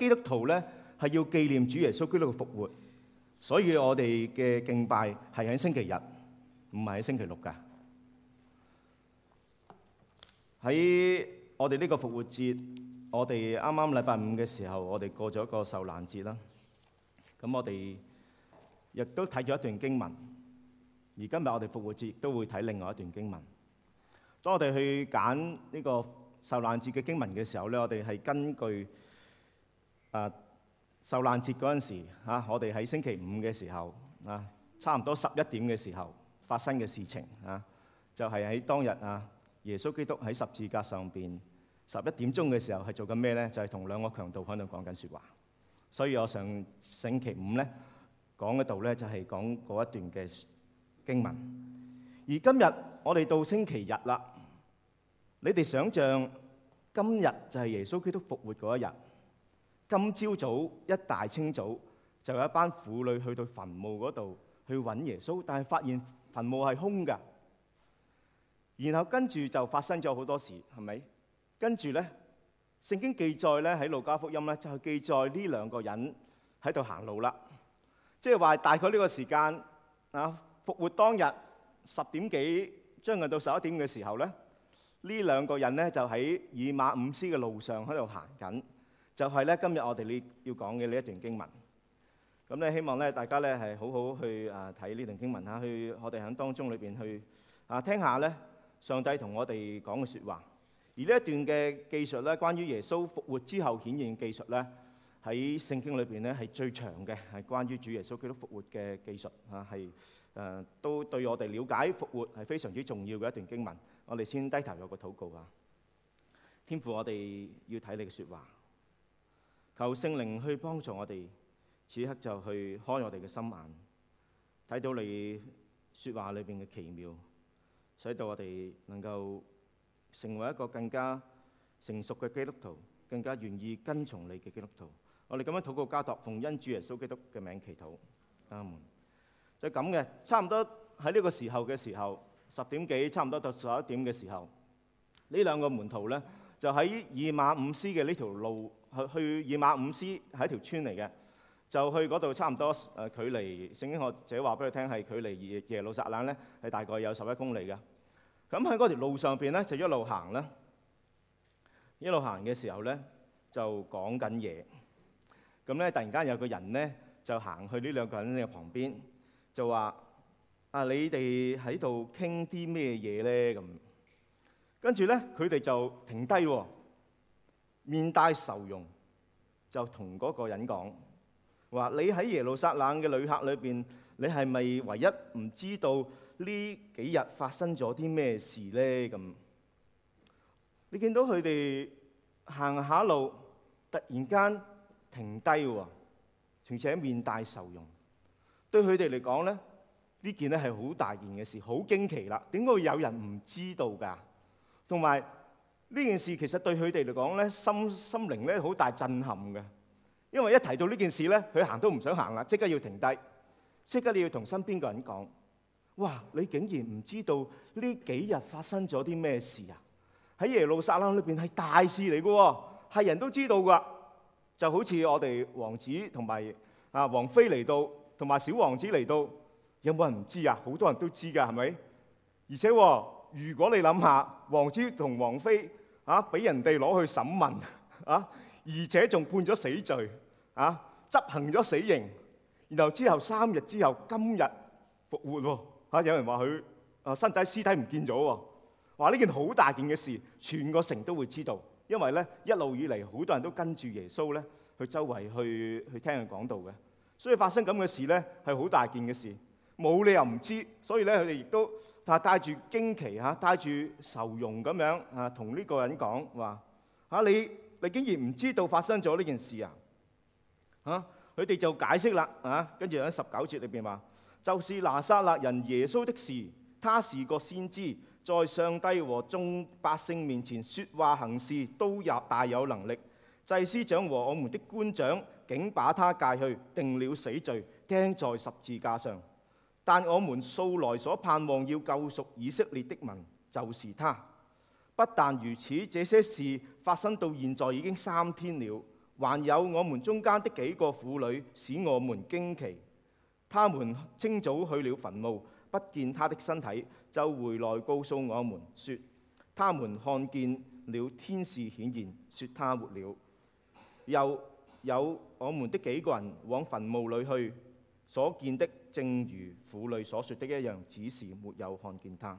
基督徒咧係要紀念主耶穌基督嘅復活，所以我哋嘅敬拜係喺星期日，唔係喺星期六噶。喺我哋呢個復活節，我哋啱啱禮拜五嘅時候，我哋過咗一個受難節啦。咁我哋亦都睇咗一段經文，而今日我哋復活節亦都會睇另外一段經文。當我哋去揀呢個受難節嘅經文嘅時候咧，我哋係根據。啊！受難節嗰陣時，我哋喺星期五嘅時候，啊，差唔多十一點嘅時候發生嘅事情，嚇就係喺當日啊，耶穌基督喺十字架上邊十一點鐘嘅時候係做緊咩咧？就係同兩個強盜喺度講緊説話。所以我上星期五咧講嗰度咧就係講嗰一段嘅經文。而今日我哋到星期日啦，你哋想象今日就係耶穌基督復活嗰一日。今朝早一大清早就有一班婦女去到墳墓嗰度去揾耶穌，但係發現墳墓係空㗎。然後跟住就發生咗好多事，係咪？跟住咧，聖經記載咧喺路加福音咧就係記載呢兩個人喺度行路啦。即係話大概呢個時間啊，復活當日十點幾，將近到十一點嘅時候咧，呢兩個人咧就喺以馬忤斯嘅路上喺度行緊。就係咧，今日我哋要講嘅呢一段經文。咁咧，希望咧大家咧係好好去啊睇呢段經文下去，我哋喺當中裏邊去啊聽下咧，上帝同我哋講嘅説話。而呢一段嘅記述咧，關於耶穌復活之後顯現嘅記述咧，喺聖經裏邊咧係最長嘅，係關於主耶穌基督復活嘅記述啊，係誒都對我哋了解復活係非常之重要嘅一段經文。我哋先低頭有個禱告啊，天父，我哋要睇你嘅説話。求聖靈去幫助我哋，此刻就去開我哋嘅心眼，睇到你説話裏邊嘅奇妙，使到我哋能夠成為一個更加成熟嘅基督徒，更加願意跟從你嘅基督徒。我哋咁樣禱告，加托奉恩主耶穌基督嘅名祈禱，阿門。就咁嘅，差唔多喺呢個時候嘅時候，十點幾，差唔多到十一點嘅時候，呢兩個門徒咧就喺以馬忤斯嘅呢條路。去去以馬忤斯係一條村嚟嘅，就去嗰度差唔多誒距離。聖經學者話俾佢聽係距離耶路撒冷咧係大概有十一公里㗎。咁喺嗰條路上邊咧就一路行啦，一路行嘅時候咧就講緊嘢。咁咧突然間有個人咧就行去呢兩個人嘅旁邊，就話：啊，你哋喺度傾啲咩嘢咧？咁跟住咧佢哋就停低喎，面帶愁容，就同嗰個人講：話你喺耶路撒冷嘅旅客裏邊，你係咪唯一唔知道呢幾日發生咗啲咩事咧？咁你見到佢哋行下路，突然間停低喎，而且面帶愁容，對佢哋嚟講咧，呢件咧係好大件嘅事，好驚奇啦！點解會有人唔知道㗎？同埋。呢件事其實對佢哋嚟講咧，心心靈咧好大震撼嘅。因為一提到呢件事咧，佢行都唔想行啦，即刻要停低，即刻你要同身邊個人講：哇！你竟然唔知道呢幾日發生咗啲咩事啊？喺耶路撒冷裏邊係大事嚟㗎、喎，係人都知道㗎。就好似我哋王子同埋啊王妃嚟到，同埋小王子嚟到，有冇人唔知啊？好多人都知㗎，係咪？而且喎、哦。如果你諗下，王子同王妃啊，俾人哋攞去審問啊，而且仲判咗死罪啊，執行咗死刑，然後之後三日之後，今日復活喎、啊，有人話佢啊身體屍體唔見咗喎，話、啊、呢件好大件嘅事，全個城都會知道，因為咧一路以嚟好多人都跟住耶穌咧，去周圍去去聽佢講道嘅，所以發生咁嘅事咧係好大件嘅事，冇理由唔知，所以咧佢哋亦都。佢話帶住驚奇嚇，帶住愁容咁樣嚇，同呢個人講話嚇，你你竟然唔知道發生咗呢件事啊嚇？佢哋就解釋啦嚇，跟住喺十九節裏邊話，就是拿撒勒人耶穌的事，他是個先知，在上帝和眾百姓面前説話行事都有大有能力，祭司長和我們的官長竟把他解去定了死罪，釘在十字架上。但我們素來所盼望要救贖以色列的民，就是他。不但如此，這些事發生到現在已經三天了，還有我們中間的幾個婦女使我們驚奇。他們清早去了墳墓，不見他的身體，就回來告訴我們說，他們看見了天使顯現，說他活了。又有我們的幾個人往墳墓裏去。所見的正如婦女所說的一樣，只是沒有看見他。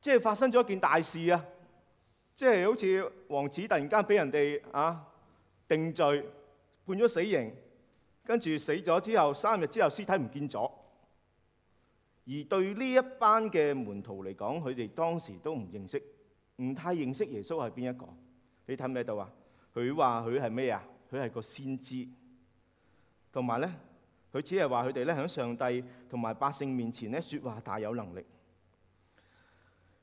即係發生咗一件大事啊！即係好似王子突然間俾人哋啊定罪，判咗死刑，跟住死咗之後三日之後屍體唔見咗。而對呢一班嘅門徒嚟講，佢哋當時都唔認識，唔太認識耶穌係邊一個。你睇唔睇到啊？佢話佢係咩啊？佢係個先知。同埋咧。佢只係話佢哋咧喺上帝同埋百姓面前咧説話大有能力。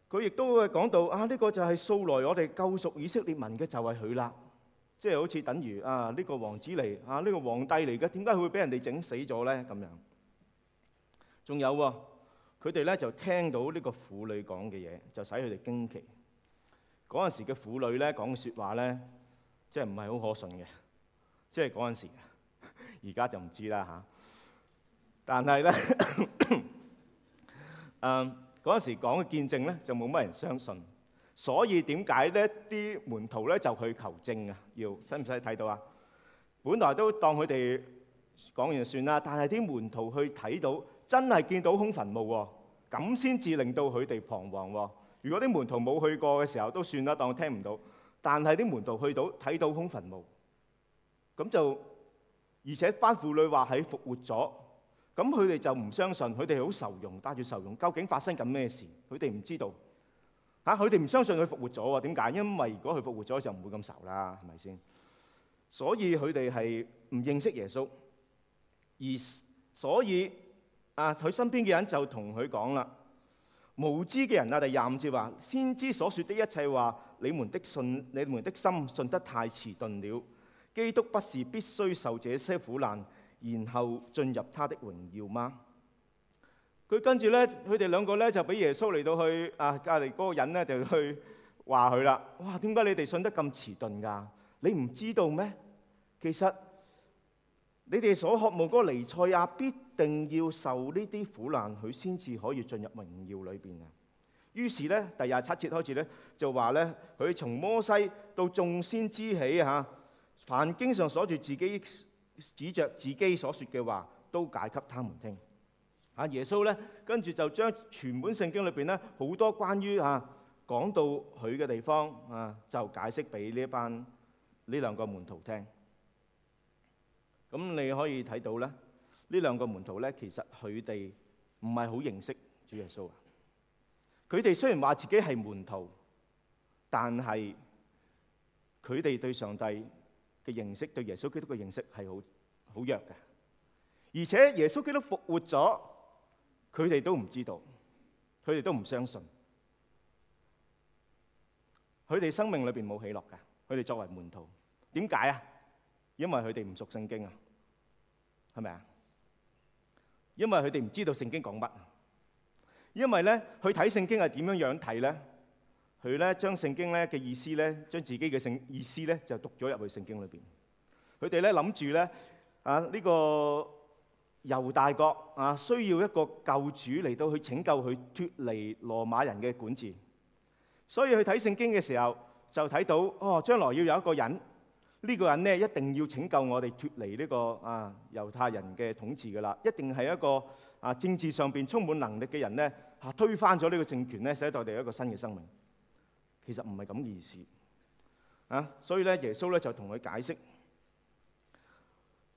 佢亦都會講到啊，呢個就係素來，我哋救贖以色列民嘅就係佢啦。即係好似等於啊，呢個王子嚟啊，呢個皇帝嚟嘅，點解佢會俾人哋整死咗咧？咁樣。仲有喎，佢哋咧就聽到呢個婦女講嘅嘢，就使佢哋驚奇。嗰陣時嘅婦女咧講嘅説話咧，即係唔係好可信嘅，即係嗰陣時。而家就唔知啦嚇。啊但係咧，誒嗰陣時講嘅見證咧，就冇乜人相信。所以點解咧？啲門徒咧就去求證啊！要使唔使睇到啊？本來都當佢哋講完就算啦。但係啲門徒去睇到，真係見到空墳墓喎，咁先至令到佢哋彷徨喎。如果啲門徒冇去過嘅時候都算啦，當聽唔到。但係啲門徒去到睇到空墳墓，咁、哦哦、就而且班婦女話係復活咗。咁佢哋就唔相信，佢哋係好愁容，帶住愁容。究竟發生緊咩事？佢哋唔知道吓。佢哋唔相信佢復活咗喎。點解？因為如果佢復活咗，就唔會咁愁啦，係咪先？所以佢哋係唔認識耶穌，而所以啊，佢身邊嘅人就同佢講啦：無知嘅人啊，第廿五節話，先知所說的一切話，你們的信，你們的心信得太遲鈍了。基督不是必須受這些苦難。然後進入他的榮耀嗎？佢跟住咧，佢哋兩個咧就俾耶穌嚟到去啊隔籬嗰個人咧就去話佢啦。哇，點解你哋信得咁遲鈍噶？你唔知道咩？其實你哋所渴慕嗰個彌賽亞必定要受呢啲苦難，佢先至可以進入榮耀裏邊啊！於是咧，第廿七節開始咧就話咧，佢從摩西到眾先知起吓，凡經上鎖住自己。指着自己所說嘅話，都解給他們聽。啊，耶穌咧，跟住就將全本聖經裏邊咧好多關於啊講到佢嘅地方啊，就解釋俾呢一班呢兩個門徒聽。咁你可以睇到咧，呢兩個門徒咧，其實佢哋唔係好認識主耶穌呀。佢哋雖然話自己係門徒，但係佢哋對上帝嘅認識對耶穌基督嘅認識係好好弱嘅，而且耶穌基督復活咗，佢哋都唔知道，佢哋都唔相信，佢哋生命裏邊冇喜樂噶，佢哋作為門徒，點解啊？因為佢哋唔熟聖經啊，係咪啊？因為佢哋唔知道聖經講乜，因為咧，佢睇聖經係點樣樣睇咧？佢咧將聖經咧嘅意思咧，將自己嘅聖意思咧就讀咗入去聖經裏邊。佢哋咧諗住咧啊，呢、這個猶大國啊，需要一個救主嚟到去拯救佢脱離羅馬人嘅管治，所以去睇聖經嘅時候就睇到哦，將來要有一個人呢、這個人咧一定要拯救我哋脱離呢、這個啊猶太人嘅統治噶啦，一定係一個啊政治上邊充滿能力嘅人咧嚇、啊、推翻咗呢個政權咧，使到我哋有一個新嘅生命。其實唔係咁意思啊！所以咧，耶穌咧就同佢解釋，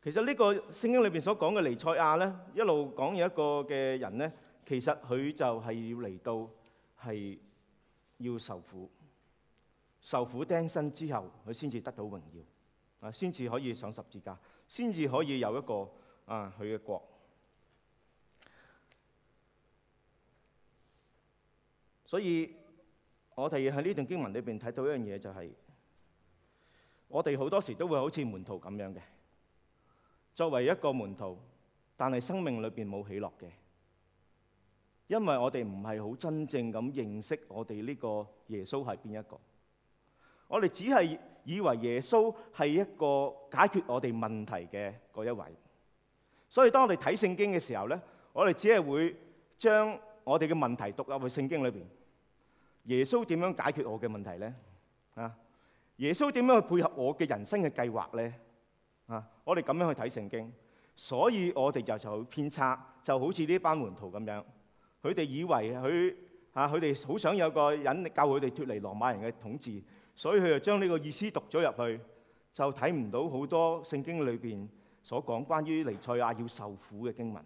其實呢個聖經裏邊所講嘅彌賽亞咧，一路講有一個嘅人咧，其實佢就係要嚟到，係要受苦，受苦釘身之後，佢先至得到榮耀，啊，先至可以上十字架，先至可以有一個啊佢嘅國，所以。我哋喺呢段經文裏邊睇到一樣嘢，就係我哋好多時都會好似門徒咁樣嘅。作為一個門徒，但係生命裏邊冇喜樂嘅，因為我哋唔係好真正咁認識我哋呢個耶穌係邊一個。我哋只係以為耶穌係一個解決我哋問題嘅嗰一位，所以當我哋睇聖經嘅時候咧，我哋只係會將我哋嘅問題讀入去聖經裏邊。耶穌點樣解決我嘅問題呢？啊，耶穌點樣去配合我嘅人生嘅計劃呢？啊，我哋咁樣去睇聖經，所以我哋就就偏差，就好似呢班門徒咁樣，佢哋以為佢啊，佢哋好想有個人救佢哋脱離羅馬人嘅統治，所以佢就將呢個意思讀咗入去，就睇唔到好多聖經裏邊所講關於尼賽亞要受苦嘅經文。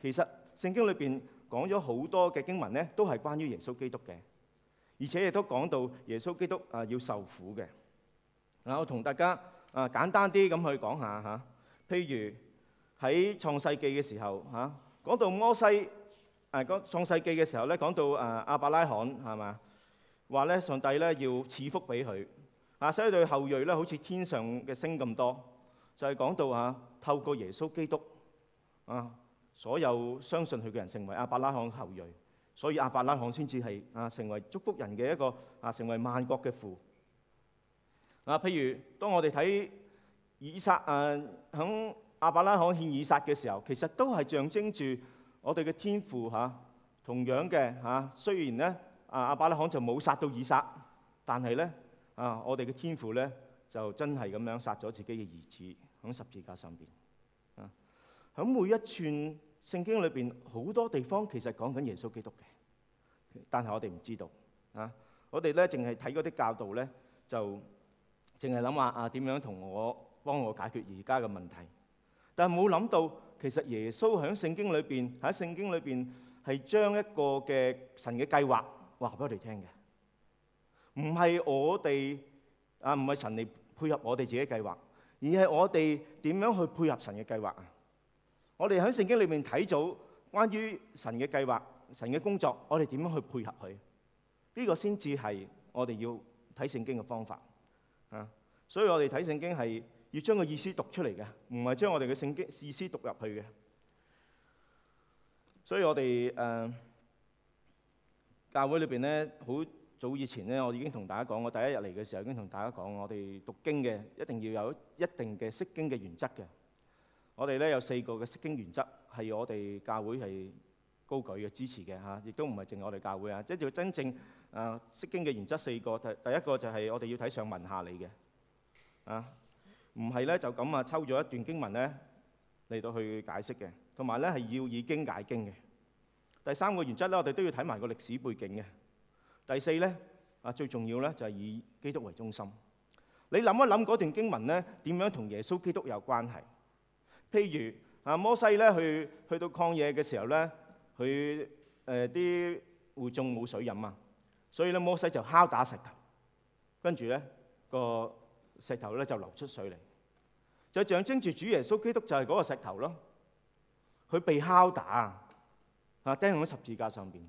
其實聖經裏邊講咗好多嘅經文呢，都係關於耶穌基督嘅。而且亦都講到耶穌基督啊要受苦嘅。嗱，我同大家啊簡單啲咁去講下嚇，譬如喺創世記嘅時候嚇，講到摩西，誒、呃、講創世記嘅時候咧講到誒亞伯拉罕係嘛，話咧上帝咧要賜福俾佢，啊所以對後裔咧好似天上嘅星咁多，就係、是、講到啊，透過耶穌基督啊所有相信佢嘅人成為亞伯拉罕後裔。所以亞伯拉罕先至係啊成為祝福人嘅一個啊成為萬國嘅父。啊，譬如當我哋睇以撒啊，響亞伯拉罕獻以撒嘅時候，其實都係象徵住我哋嘅天父嚇、啊。同樣嘅嚇、啊，雖然咧啊亞伯拉罕就冇殺到以撒，但係咧啊我哋嘅天父咧就真係咁樣殺咗自己嘅兒子響十字架上邊。啊，響每一串。聖經裏邊好多地方其實講緊耶穌基督嘅，但係我哋唔知道啊！我哋咧淨係睇嗰啲教導咧，就淨係諗話啊點樣同我幫我解決而家嘅問題，但係冇諗到其實耶穌喺聖經裏邊喺聖經裏邊係將一個嘅神嘅計劃話俾我哋聽嘅，唔係我哋啊唔係神嚟配合我哋自己嘅計劃，而係我哋點樣去配合神嘅計劃啊！我哋喺聖經裏面睇到關於神嘅計劃、神嘅工作，我哋點樣去配合佢？呢個先至係我哋要睇聖經嘅方法啊！所以我哋睇聖經係要將個意思讀出嚟嘅，唔係將我哋嘅聖經意思讀入去嘅。所以我哋誒，教會裏邊咧好早以前咧，我已經同大家講，我第一日嚟嘅時候已經同大家講，我哋讀經嘅一定要有一定嘅釋經嘅原則嘅。我哋咧有四個嘅釋經原則，係我哋教會係高舉嘅支持嘅嚇，亦都唔係淨係我哋教會啊。即係要真正誒釋經嘅原則，四個，第第一個就係我哋要睇上文下理嘅啊，唔係咧就咁啊抽咗一段經文咧嚟到去解釋嘅，同埋咧係要以經解經嘅。第三個原則咧，我哋都要睇埋個歷史背景嘅。第四咧啊，最重要咧就係以基督為中心。你諗一諗嗰段經文咧點樣同耶穌基督有關係？譬如啊，摩西咧去去到曠野嘅時候咧，佢誒啲會眾冇水飲啊，所以咧摩西就敲打石頭，跟住咧個石頭咧就流出水嚟，就象徵住主耶穌基督就係嗰個石頭咯。佢被敲打啊，釘喺十字架上邊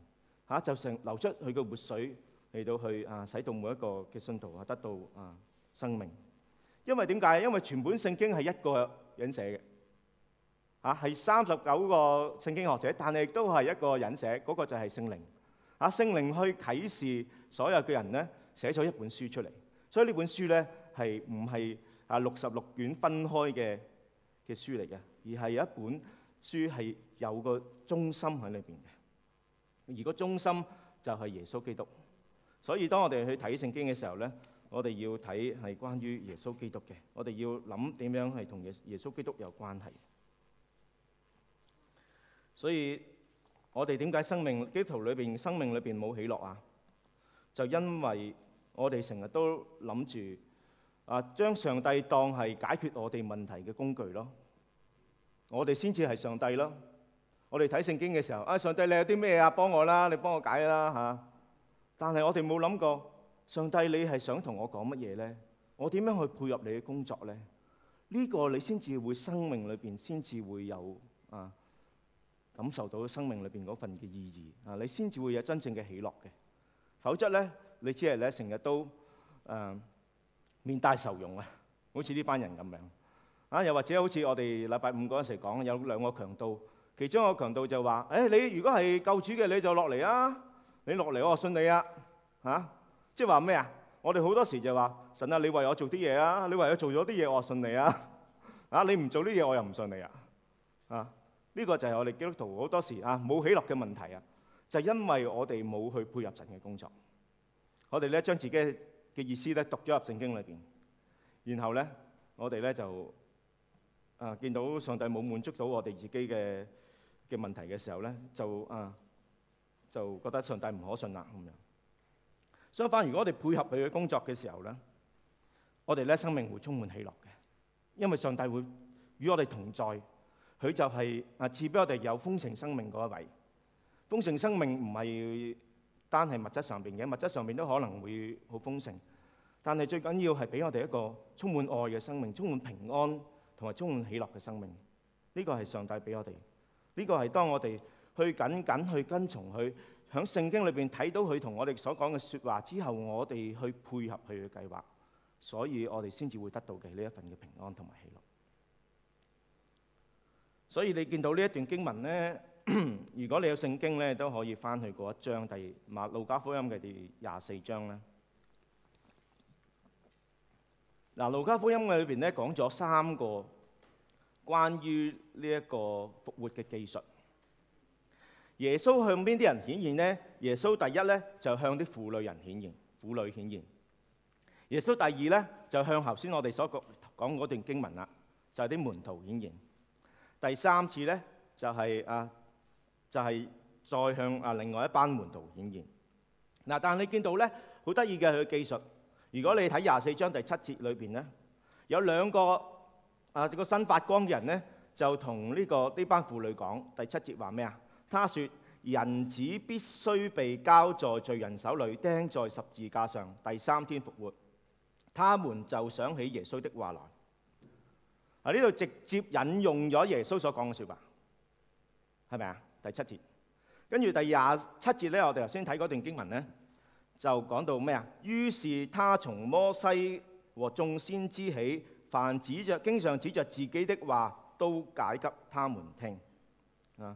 嚇，就成流出佢嘅活水嚟到去啊，使到每一個嘅信徒啊得到啊生命。因為點解？因為全本聖經係一個人寫嘅。啊，係三十九個聖經學者，但係亦都係一個引寫，嗰個就係聖靈啊。聖靈去啟示所有嘅人咧，寫咗一本書出嚟。所以呢本書咧係唔係啊六十六卷分開嘅嘅書嚟嘅，而係一本書係有個中心喺裏邊嘅。而個中心就係耶穌基督。所以當我哋去睇聖經嘅時候咧，我哋要睇係關於耶穌基督嘅，我哋要諗點樣係同耶穌基督有關係。所以我哋點解生命基督徒裏邊生命裏邊冇喜樂啊？就因為我哋成日都諗住啊，將上帝當係解決我哋問題嘅工具咯。我哋先至係上帝咯。我哋睇聖經嘅時候，啊，上帝你有啲咩啊？幫我啦，你幫我解啦嚇、啊。但係我哋冇諗過，上帝你係想同我講乜嘢咧？我點樣去配合你嘅工作咧？呢個你先至會生命裏邊先至會有啊。感受到生命裏邊嗰份嘅意義啊，你先至會有真正嘅喜樂嘅，否則咧你只係咧成日都誒、呃、面帶愁容啊，好似呢班人咁樣啊，又或者好似我哋禮拜五嗰陣時講，有兩個強盜，其中一個強盜就話：誒、哎、你如果係救主嘅，你就落嚟啊，你落嚟我信你啊，嚇、啊，即係話咩啊？我哋好多時就話：神啊，你為我做啲嘢啊，你為我做咗啲嘢我就信你啊，啊你唔做啲嘢我又唔信你啊，啊。呢個就係我哋基督徒好多時啊冇喜樂嘅問題啊，就因為我哋冇去配合神嘅工作，我哋咧將自己嘅意思咧讀咗入聖經裏邊，然後咧我哋咧就啊見到上帝冇滿足到我哋自己嘅嘅問題嘅時候咧，就啊就覺得上帝唔可信啦咁樣。相反，如果我哋配合佢嘅工作嘅時候咧，我哋咧生命會充滿喜樂嘅，因為上帝會與我哋同在。佢就係、是、啊，賜俾我哋有豐盛生命嗰一位。豐盛生命唔係單係物質上面嘅，物質上面都可能會好豐盛，但係最緊要係俾我哋一個充滿愛嘅生命，充滿平安同埋充滿喜樂嘅生命。呢個係上帝俾我哋，呢個係當我哋去緊緊去跟從佢，響聖經裏邊睇到佢同我哋所講嘅説話之後，我哋去配合佢嘅計劃，所以我哋先至會得到嘅呢一份嘅平安同埋喜樂。所以你見到呢一段經文咧，如果你有聖經咧，都可以翻去嗰一章，第馬路加福音嘅第廿四章啦。嗱，路加福音嘅裏邊咧，講咗三個關於呢一個復活嘅記述。耶穌向邊啲人顯現咧？耶穌第一咧就向啲婦女人顯現，婦女顯現。耶穌第二咧就向頭先我哋所講講嗰段經文啦，就係啲門徒顯現。第三次呢，就係、是、啊，就係、是、再向啊另外一班門徒顯現。嗱，但係你見到呢，好得意嘅佢嘅技術。如果你睇廿四章第七節裏邊呢，有兩個啊、這個新發光嘅人呢，就同呢、這個呢班婦女講。第七節話咩啊？他說：人子必須被交在罪人手裏，釘在十字架上，第三天復活。他們就想起耶穌的話來。啊！呢度直接引用咗耶穌所講嘅說話，係咪啊？第七節，跟住第二十七節咧，我哋頭先睇嗰段經文咧，就講到咩啊？於是他從摩西和眾先知起，凡指着經常指着自己的話，都解給他們聽。啊！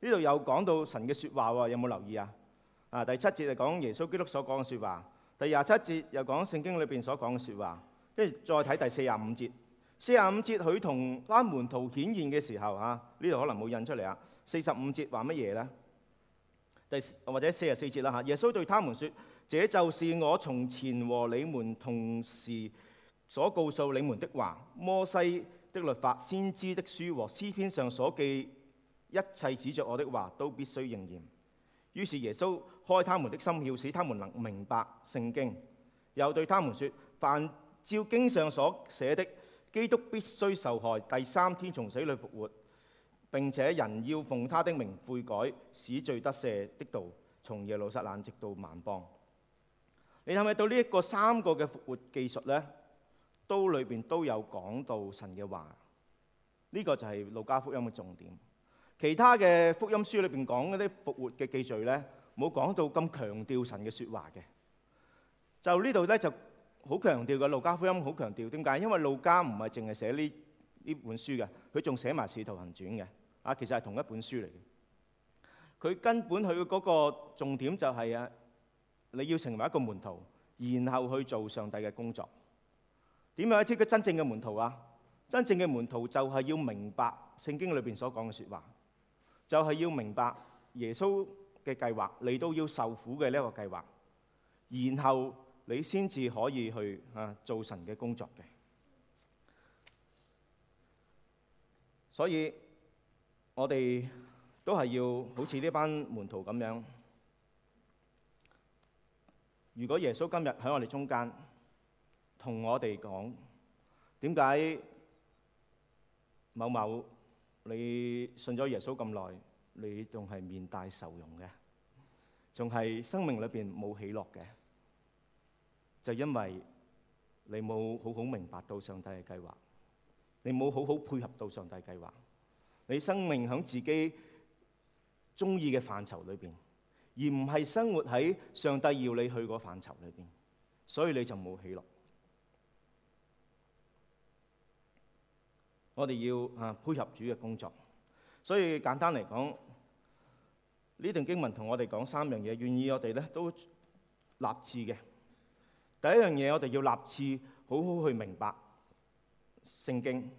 呢度有講到神嘅說話喎，有冇留意啊？啊！第七節係講耶穌基督所講嘅說話，第二十七節又講聖經裏邊所講嘅說話，跟住再睇第四十五節。四十五節，佢同拉門徒顯現嘅時候啊，呢度可能冇印出嚟啊。四十五節話乜嘢呢？第或者四十四節啦嚇。耶穌對他們說：這就是我從前和你們同時所告訴你們的話。摩西的律法、先知的書和詩篇上所記一切指著我的話，都必須應驗。於是耶穌開他們的心竅，使他們能明白聖經。又對他們說：凡照經上所寫的基督必須受害，第三天從死裏復活；並且人要奉他的名悔改，使罪得赦的道，從耶路撒冷直到萬邦。你係咪到呢一個三個嘅復活記述呢？都裏邊都有講到神嘅話，呢、這個就係路加福音嘅重點。其他嘅福音書裏邊講嗰啲復活嘅記敘呢，冇講到咁強調神嘅説話嘅。就呢度呢，就。好強調嘅，路加福音好強調，點解？因為路加唔係淨係寫呢呢本書嘅，佢仲寫埋《使徒行傳》嘅，啊，其實係同一本書嚟嘅。佢根本佢嗰個重點就係啊，你要成為一個門徒，然後去做上帝嘅工作。點樣先係真正嘅門徒啊？真正嘅門徒就係要明白聖經裏邊所講嘅説話，就係要明白耶穌嘅計劃，嚟到要受苦嘅呢一個計劃，然後。你先至可以去啊做神嘅工作嘅，所以我哋都係要好似呢班門徒咁樣。如果耶穌今日喺我哋中間，同我哋講，點解某某你信咗耶穌咁耐，你仲係面帶愁容嘅，仲係生命裏面冇喜樂嘅？就因為你冇好好明白到上帝嘅計劃，你冇好好配合到上帝計劃，你生命響自己鍾意嘅範疇裏邊，而唔係生活喺上帝要你去嗰範疇裏邊，所以你就冇喜樂。我哋要啊配合主嘅工作，所以簡單嚟講，呢段經文同我哋講三樣嘢，願意我哋咧都立志嘅。第一樣嘢，我哋要立志好好去明白聖經，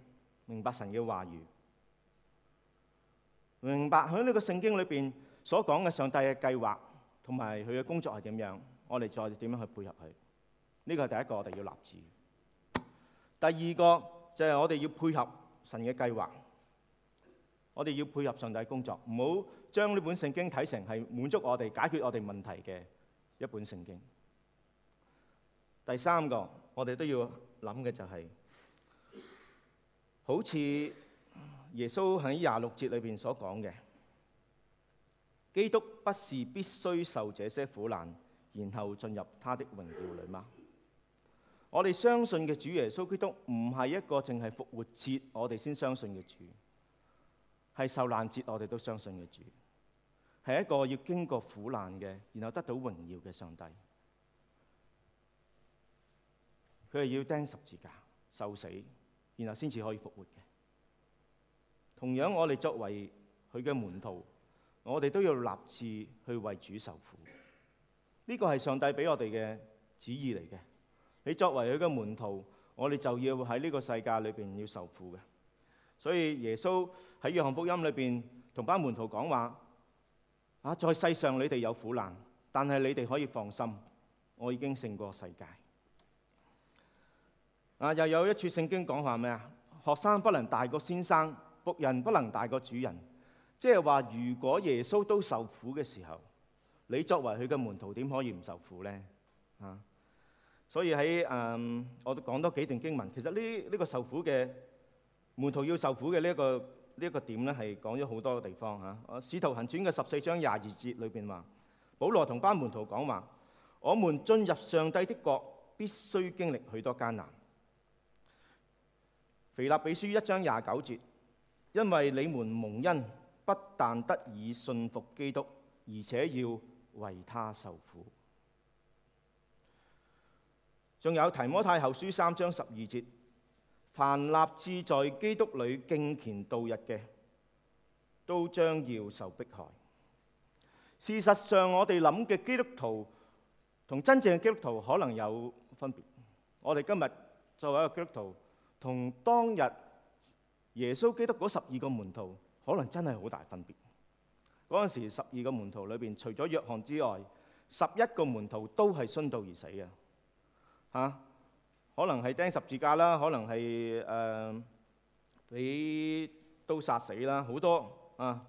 明白神嘅話語，明白喺呢個聖經裏邊所講嘅上帝嘅計劃同埋佢嘅工作係點樣，我哋再點樣去配合佢。呢個係第一個我哋要立志。第二個就係我哋要配合神嘅計劃，我哋要配合上帝工作，唔好將呢本聖經睇成係滿足我哋、解決我哋問題嘅一本聖經。第三個，我哋都要諗嘅就係、是，好似耶穌喺廿六節裏邊所講嘅，基督不是必須受這些苦難，然後進入他的榮耀裏嗎？我哋相信嘅主耶穌基督，唔係一個淨係復活節我哋先相信嘅主，係受難節我哋都相信嘅主，係一個要經過苦難嘅，然後得到榮耀嘅上帝。佢係要釘十字架受死，然後先至可以復活嘅。同樣，我哋作為佢嘅門徒，我哋都要立志去為主受苦。呢個係上帝俾我哋嘅旨意嚟嘅。你作為佢嘅門徒，我哋就要喺呢個世界裏邊要受苦嘅。所以耶穌喺《約翰福音》裏邊同班門徒講話：，啊，在世上你哋有苦難，但係你哋可以放心，我已經勝過世界。啊！又有一處聖經講話咩啊？學生不能大過先生，僕人不能大過主人。即係話，如果耶穌都受苦嘅時候，你作為佢嘅門徒，點可以唔受苦呢？啊！所以喺誒、嗯，我都講多幾段經文。其實呢呢、這個受苦嘅門徒要受苦嘅呢一個呢一、這個點咧，係講咗好多個地方嚇。我、啊、使徒行傳嘅十四章廿二節裏邊話，保羅同班門徒講話：，我們進入上帝的國，必須經歷許多艱難。腓立比書一章廿九節，因為你們蒙恩，不但得以信服基督，而且要為他受苦。仲有提摩太後書三章十二節，凡立志在基督裏敬虔度日嘅，都將要受迫害。事實上，我哋諗嘅基督徒同真正嘅基督徒可能有分別。我哋今日作為一個基督徒。同當日耶穌基督嗰十二個門徒可能真係好大分別。嗰陣時十二個門徒裏邊，除咗約翰之外，十一個門徒都係殉道而死嘅。嚇，可能係釘十字架啦，可能係誒俾刀殺死啦，好多啊，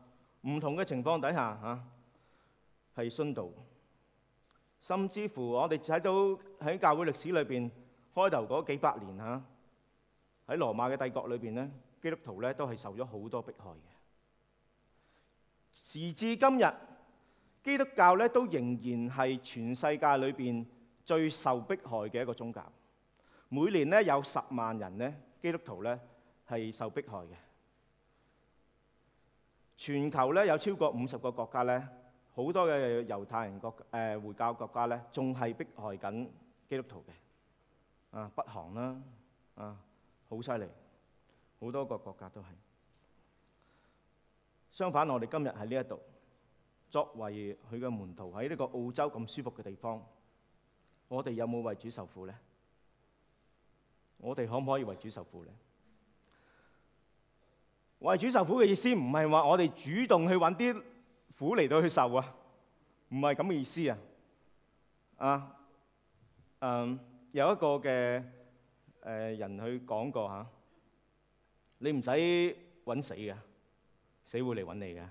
唔同嘅情況底下嚇係殉道。甚至乎我哋睇到喺教會歷史裏邊開頭嗰幾百年嚇。喺羅馬嘅帝國裏邊咧，基督徒咧都係受咗好多迫害嘅。時至今日，基督教咧都仍然係全世界裏邊最受迫害嘅一個宗教。每年咧有十萬人咧，基督徒咧係受迫害嘅。全球咧有超過五十個國家咧，好多嘅猶太人國誒、呃、回教國家咧，仲係迫害緊基督徒嘅。啊，北韓啦，啊～好犀利，好多個國家都係。相反，我哋今日喺呢一度，作為佢嘅門徒喺呢個澳洲咁舒服嘅地方，我哋有冇為主受苦呢？我哋可唔可以為主受苦呢？為主受苦嘅意思唔係話我哋主動去搵啲苦嚟到去受啊，唔係咁嘅意思啊。啊，嗯，有一個嘅。誒人去講過嚇，你唔使搵死嘅，死會嚟搵你嘅，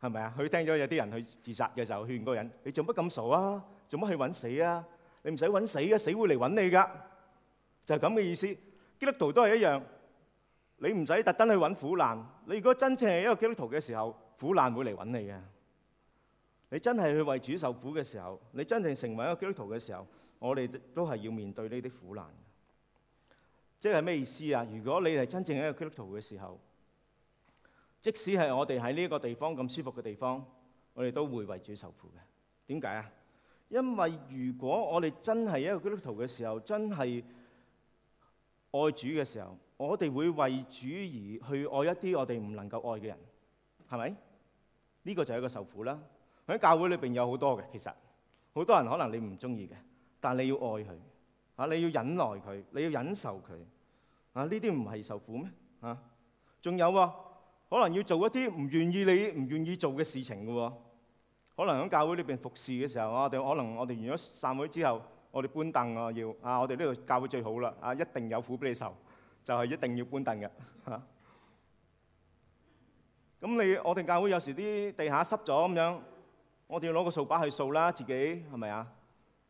係咪啊？佢聽咗有啲人去自殺嘅時候，勸嗰個人：你做乜咁傻啊？做乜去搵死啊？你唔使搵死啊，死會嚟搵你㗎，就係咁嘅意思。基督徒都係一樣，你唔使特登去搵苦難。你如果真正係一個基督徒嘅時候，苦難會嚟搵你嘅。你真係去為主受苦嘅時候，你真正成為一個基督徒嘅時候，我哋都係要面對呢啲苦難。即係咩意思啊？如果你係真正一個基督徒嘅時候，即使係我哋喺呢一個地方咁舒服嘅地方，我哋都會為主受苦嘅。點解啊？因為如果我哋真係一個基督徒嘅時候，真係愛主嘅時候，我哋會為主而去愛一啲我哋唔能夠愛嘅人，係咪？呢、這個就係一個受苦啦。喺教會裏邊有好多嘅，其實好多，多人可能你唔中意嘅，但係你要愛佢。啊！你要忍耐佢，你要忍受佢，啊！呢啲唔係受苦咩？啊！仲有喎，可能要做一啲唔願意你唔願意做嘅事情嘅喎。可能喺教會裏面服侍嘅時候，我哋可能我哋完咗散會之後，我哋搬凳啊要啊！我哋呢度教會最好啦，啊！一定有苦俾你受，就係一定要搬凳嘅嚇。咁你我哋教會有時啲地下濕咗咁樣，我哋要攞個掃把去掃啦，自己係咪啊？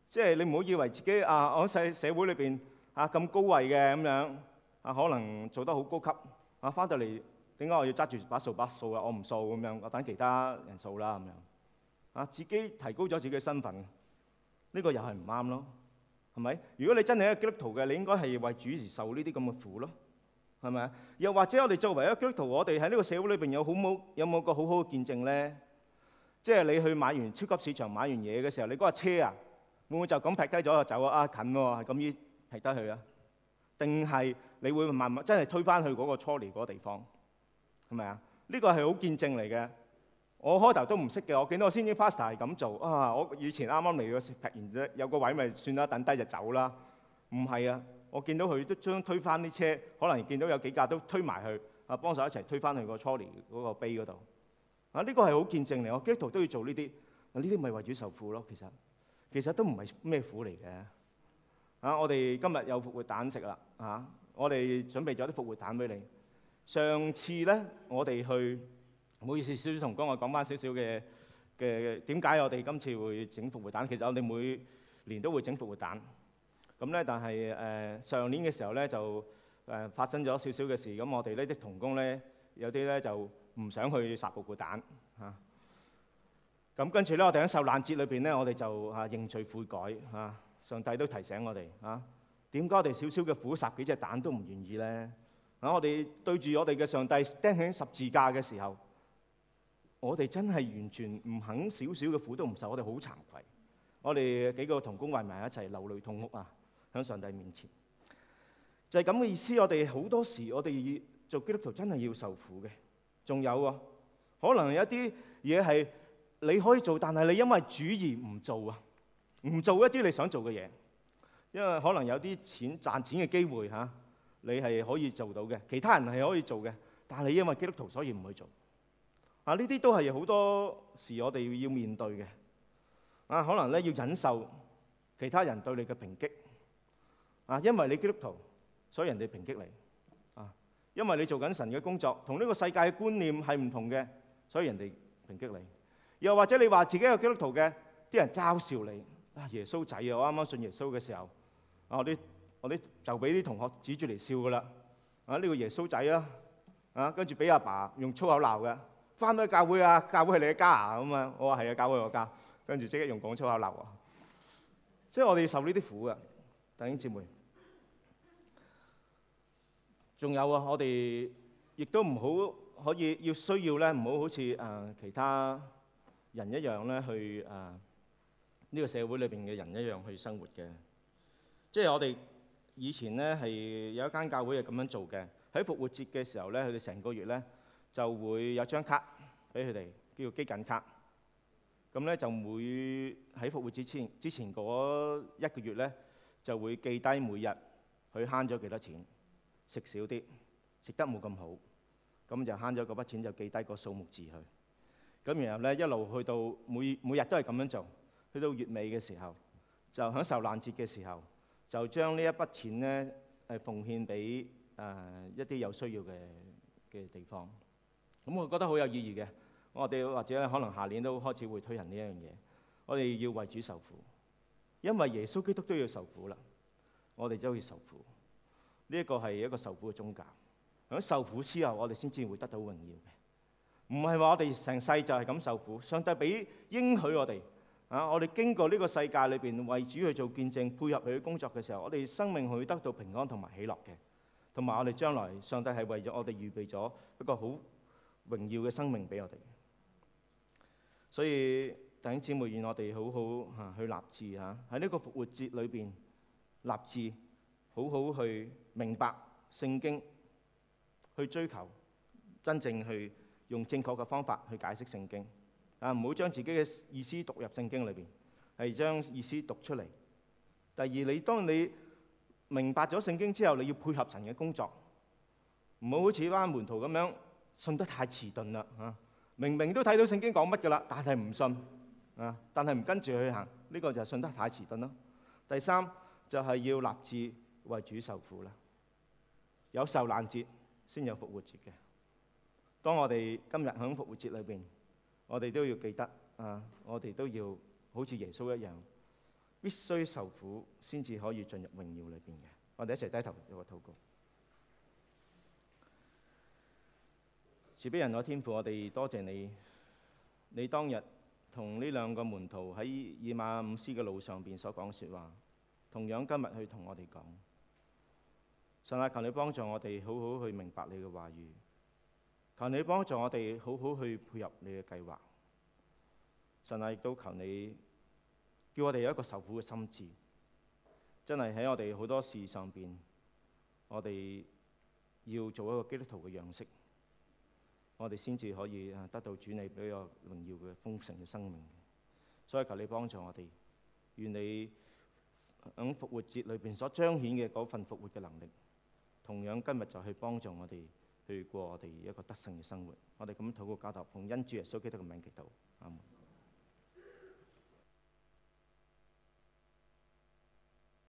即係你唔好以為自己啊，我喺社社會裏邊啊咁高位嘅咁樣啊，可能做得好高級啊，翻到嚟點解我要揸住把掃把掃啊？我唔掃咁樣，我等其他人掃啦咁樣啊，自己提高咗自己嘅身份，呢、這個又係唔啱咯，係咪？如果你真係一個基督徒嘅，你應該係為主而受呢啲咁嘅苦咯，係咪？又或者我哋作為一個基督徒，我哋喺呢個社會裏邊有，有，有，有好冇有冇個好好嘅見證咧？即、就、係、是、你去買完超級市場買完嘢嘅時候，你嗰架車啊！會唔會就咁劈低咗就走啊？啊近喎，咁依劈得去啊？定係你會慢慢真係推返去嗰個 trolley 嗰個地方，係咪啊？呢個係好見證嚟嘅。我開頭都唔識嘅，我見到我先知 pastor 係係咁做啊！我以前啱啱嚟嘅時劈完啫，有個位咪算啦，等低就走啦。唔係啊，我見到佢都將推返啲車，可能見到有幾架都推埋去，推去 ey, 啊，幫手一齊推返去個 trolley 嗰個 bay 嗰度啊。呢個係好見證嚟，我基督徒都要做呢啲。呢啲咪為主受苦咯，其實。其實都唔係咩苦嚟嘅，啊！我哋今日有復活蛋食啦，啊！我哋準備咗啲復活蛋俾你。上次咧，我哋去，唔好意思，少少同工，我講返少少嘅嘅，點解我哋今次會整復活蛋。其實我哋每年都會整復活蛋，咁咧，但係誒上年嘅時候咧就誒、呃、發生咗少少嘅事，咁我哋呢啲同工咧有啲咧就唔想去殺復活蛋，嚇、啊。咁跟住咧，我哋喺受難節裏邊咧，我哋就啊認罪悔改啊。上帝都提醒我哋啊，點解我哋少少嘅苦十幾隻蛋都唔願意咧？啊，我哋對住我哋嘅上帝釘喺十字架嘅時候，我哋真係完全唔肯少少嘅苦都唔受，我哋好慚愧。我哋幾個同工圍埋一齊流淚痛哭啊，喺上帝面前就係咁嘅意思。我哋好多時，我哋做基督徒真係要受苦嘅。仲有啊，可能有一啲嘢係。你可以做，但係你因為主而唔做啊！唔做一啲你想做嘅嘢，因為可能有啲錢賺錢嘅機會嚇，啊，你係可以做到嘅。其他人係可以做嘅，但係你因為基督徒所以唔去做。啊，呢啲都係好多時我哋要面對嘅。啊，可能咧，要忍受其他人對你嘅抨擊。啊，因為你基督徒，所以人哋抨擊你。啊，因為你做緊神嘅工作，同呢個世界嘅觀念係唔同嘅，所以人哋抨擊你。又或者你話自己係基督徒嘅，啲人嘲笑你啊！耶穌仔啊！我啱啱信耶穌嘅時候，啊，我啲我啲就俾啲同學指住嚟笑噶啦！啊，呢個耶穌仔啦，啊，跟住俾阿爸用粗口鬧嘅，翻到去教會啊！教會係你嘅家啊咁啊！嗯、我話係啊，教會我家，跟住即刻用講粗口鬧啊。即係我哋要受呢啲苦嘅，弟兄姊妹。仲有啊，我哋亦都唔好可以要需要咧，唔好好似啊其他。人一樣咧，去啊呢個社會裏邊嘅人一樣去生活嘅。即係我哋以前咧，係有一間教會係咁樣做嘅。喺復活節嘅時候咧，佢哋成個月咧就會有張卡俾佢哋，叫飢饉卡。咁咧就每喺復活節前之前嗰一個月咧就會記低每日去慳咗幾多錢，食少啲，食得冇咁好，咁就慳咗嗰筆錢就記低個數目字去。咁然後咧，一路去到每每日都係咁樣做，去到月尾嘅時候，就響受難節嘅時候，就將呢、呃、一筆錢咧係奉獻俾誒一啲有需要嘅嘅地方。咁、嗯、我覺得好有意義嘅。我哋或者可能下年都開始會推行呢一樣嘢。我哋要為主受苦，因為耶穌基督都要受苦啦。我哋都要受苦。呢、這、一個係一個受苦嘅宗教。響受苦之後，我哋先至會得到榮耀。唔係話我哋成世就係咁受苦，上帝俾應許我哋啊！我哋經過呢個世界裏邊為主去做見證，配合佢嘅工作嘅時候，我哋生命可以得到平安同埋喜樂嘅，同埋我哋將來上帝係為咗我哋預備咗一個好榮耀嘅生命俾我哋。所以弟兄姊妹，願我哋好好嚇去立志吓，喺呢個復活節裏邊立志，好好去明白聖經，去追求真正去。用正確嘅方法去解釋聖經，啊，唔好將自己嘅意思讀入聖經裏邊，係將意思讀出嚟。第二，你當你明白咗聖經之後，你要配合神嘅工作，唔好好似啱啱門徒咁樣信得太遲鈍啦，嚇！明明都睇到聖經講乜嘅啦，但係唔信，啊，但係唔跟住去行，呢個就係信得太遲鈍啦。第三就係要立志為主受苦啦，有受難節先有復活節嘅。當我哋今日響復活節裏邊，我哋都要記得啊！我哋都要好似耶穌一樣，必須受苦先至可以進入榮耀裏邊嘅。我哋一齊低頭有個禱告。慈悲人我天父，我哋多謝你。你當日同呢兩個門徒喺以馬忤斯嘅路上邊所講嘅説話，同樣今日去同我哋講。上啊，求你幫助我哋好好去明白你嘅話語。求你幫助我哋好好去配合你嘅計劃，神啊！亦都求你叫我哋有一個受苦嘅心志，真係喺我哋好多事上邊，我哋要做一個基督徒嘅樣式，我哋先至可以得到主你比較榮耀嘅豐盛嘅生命。所以求你幫助我哋，願你響復活節裏邊所彰顯嘅嗰份復活嘅能力，同樣今日就去幫助我哋。去過我哋一個得勝嘅生活，我哋咁樣透過交頭同恩主啊，收起得個名極到。啱。